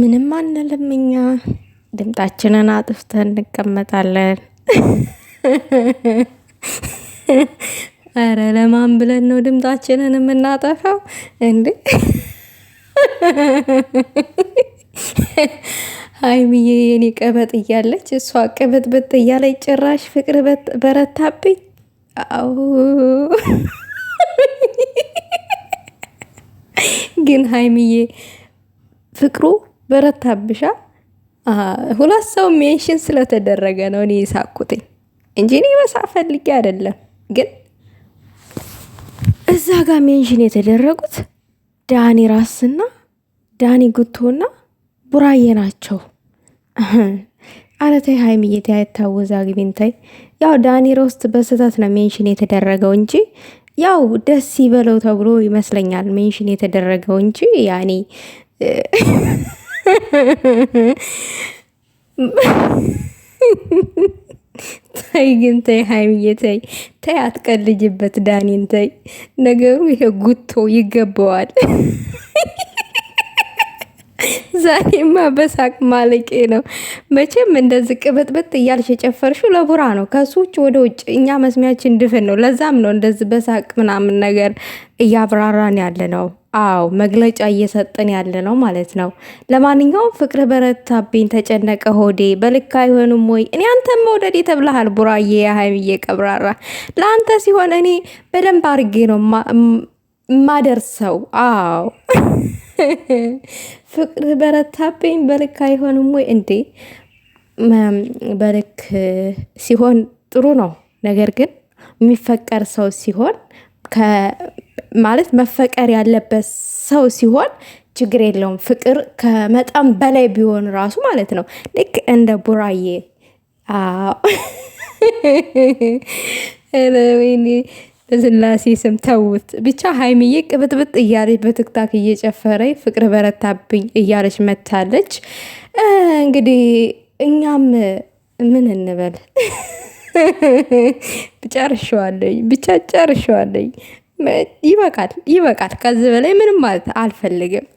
ምንም አንልም እኛ ድምጣችንን አጥፍተን እንቀመጣለን። ኧረ ለማን ብለን ነው ድምጣችንን የምናጠፈው እንዴ? ሀይሚዬ የኔ ቀበጥ እያለች እሷ ቅብጥብጥ እያለች ጭራሽ ፍቅር በረታብኝ። አዎ ግን ሀይሚዬ ፍቅሩ በረታብሻ። ሁለት ሰው ሜንሽን ስለተደረገ ነው እኔ የሳኩትኝ እንጂ እኔ መሳቅ ፈልጌ አይደለም። ግን እዛ ጋር ሜንሽን የተደረጉት ዳኒ ራስና ዳኒ ጉቶና ቡራዬ ናቸው። አረታይ ሀይሚዬ ተይ አይታወዛ ግቢንታይ ያው ዳኒ ሮስት በስህተት ነው ሜንሽን የተደረገው እንጂ ያው ደስ ይበለው ተብሎ ይመስለኛል ሜንሽን የተደረገው እንጂ ያኔ ተይ ግን ተይ ሀይሚዬ ተይ ተይ፣ አትቀልጅበት ዳኒን ተይ። ነገሩ ይሄ ጉቶ ይገባዋል። ዛሬማ በሳቅ ማለቄ ነው። መቼም እንደዚህ ቅበጥበጥ እያልሽ የጨፈርሽው ለቡራ ነው። ከሱ ውጭ ወደ ውጭ እኛ መስሚያችን ድፍን ነው። ለዛም ነው እንደዚህ በሳቅ ምናምን ነገር እያብራራን ያለ ነው። አዎ መግለጫ እየሰጠን ያለ ነው ማለት ነው። ለማንኛውም ፍቅር በረታብኝ፣ ተጨነቀ ሆዴ፣ በልክ አይሆንም ወይ እኔ አንተን መውደዴ ተብለሃል። ቡራዬ የሀይምዬ ቀብራራ ለአንተ ሲሆን እኔ በደንብ አርጌ ነው ማደርሰው። አዎ ፍቅር በረታብኝ፣ በልክ አይሆንም ወይ እንዴ? በልክ ሲሆን ጥሩ ነው። ነገር ግን የሚፈቀር ሰው ሲሆን ማለት መፈቀር ያለበት ሰው ሲሆን ችግር የለውም። ፍቅር ከመጠን በላይ ቢሆን ራሱ ማለት ነው። ልክ እንደ ቡራዬ በስላሴ ስም ተውት። ብቻ ሀይሚዬ ቅብጥብጥ እያለች በትክታክ እየጨፈረ ፍቅር በረታብኝ እያለች መታለች። እንግዲህ እኛም ምን እንበል ጨርሸዋለኝ፣ ብቻ ጨርሸዋለኝ። ይበቃል፣ ይበቃል። ከዚህ በላይ ምንም ማለት አልፈልግም።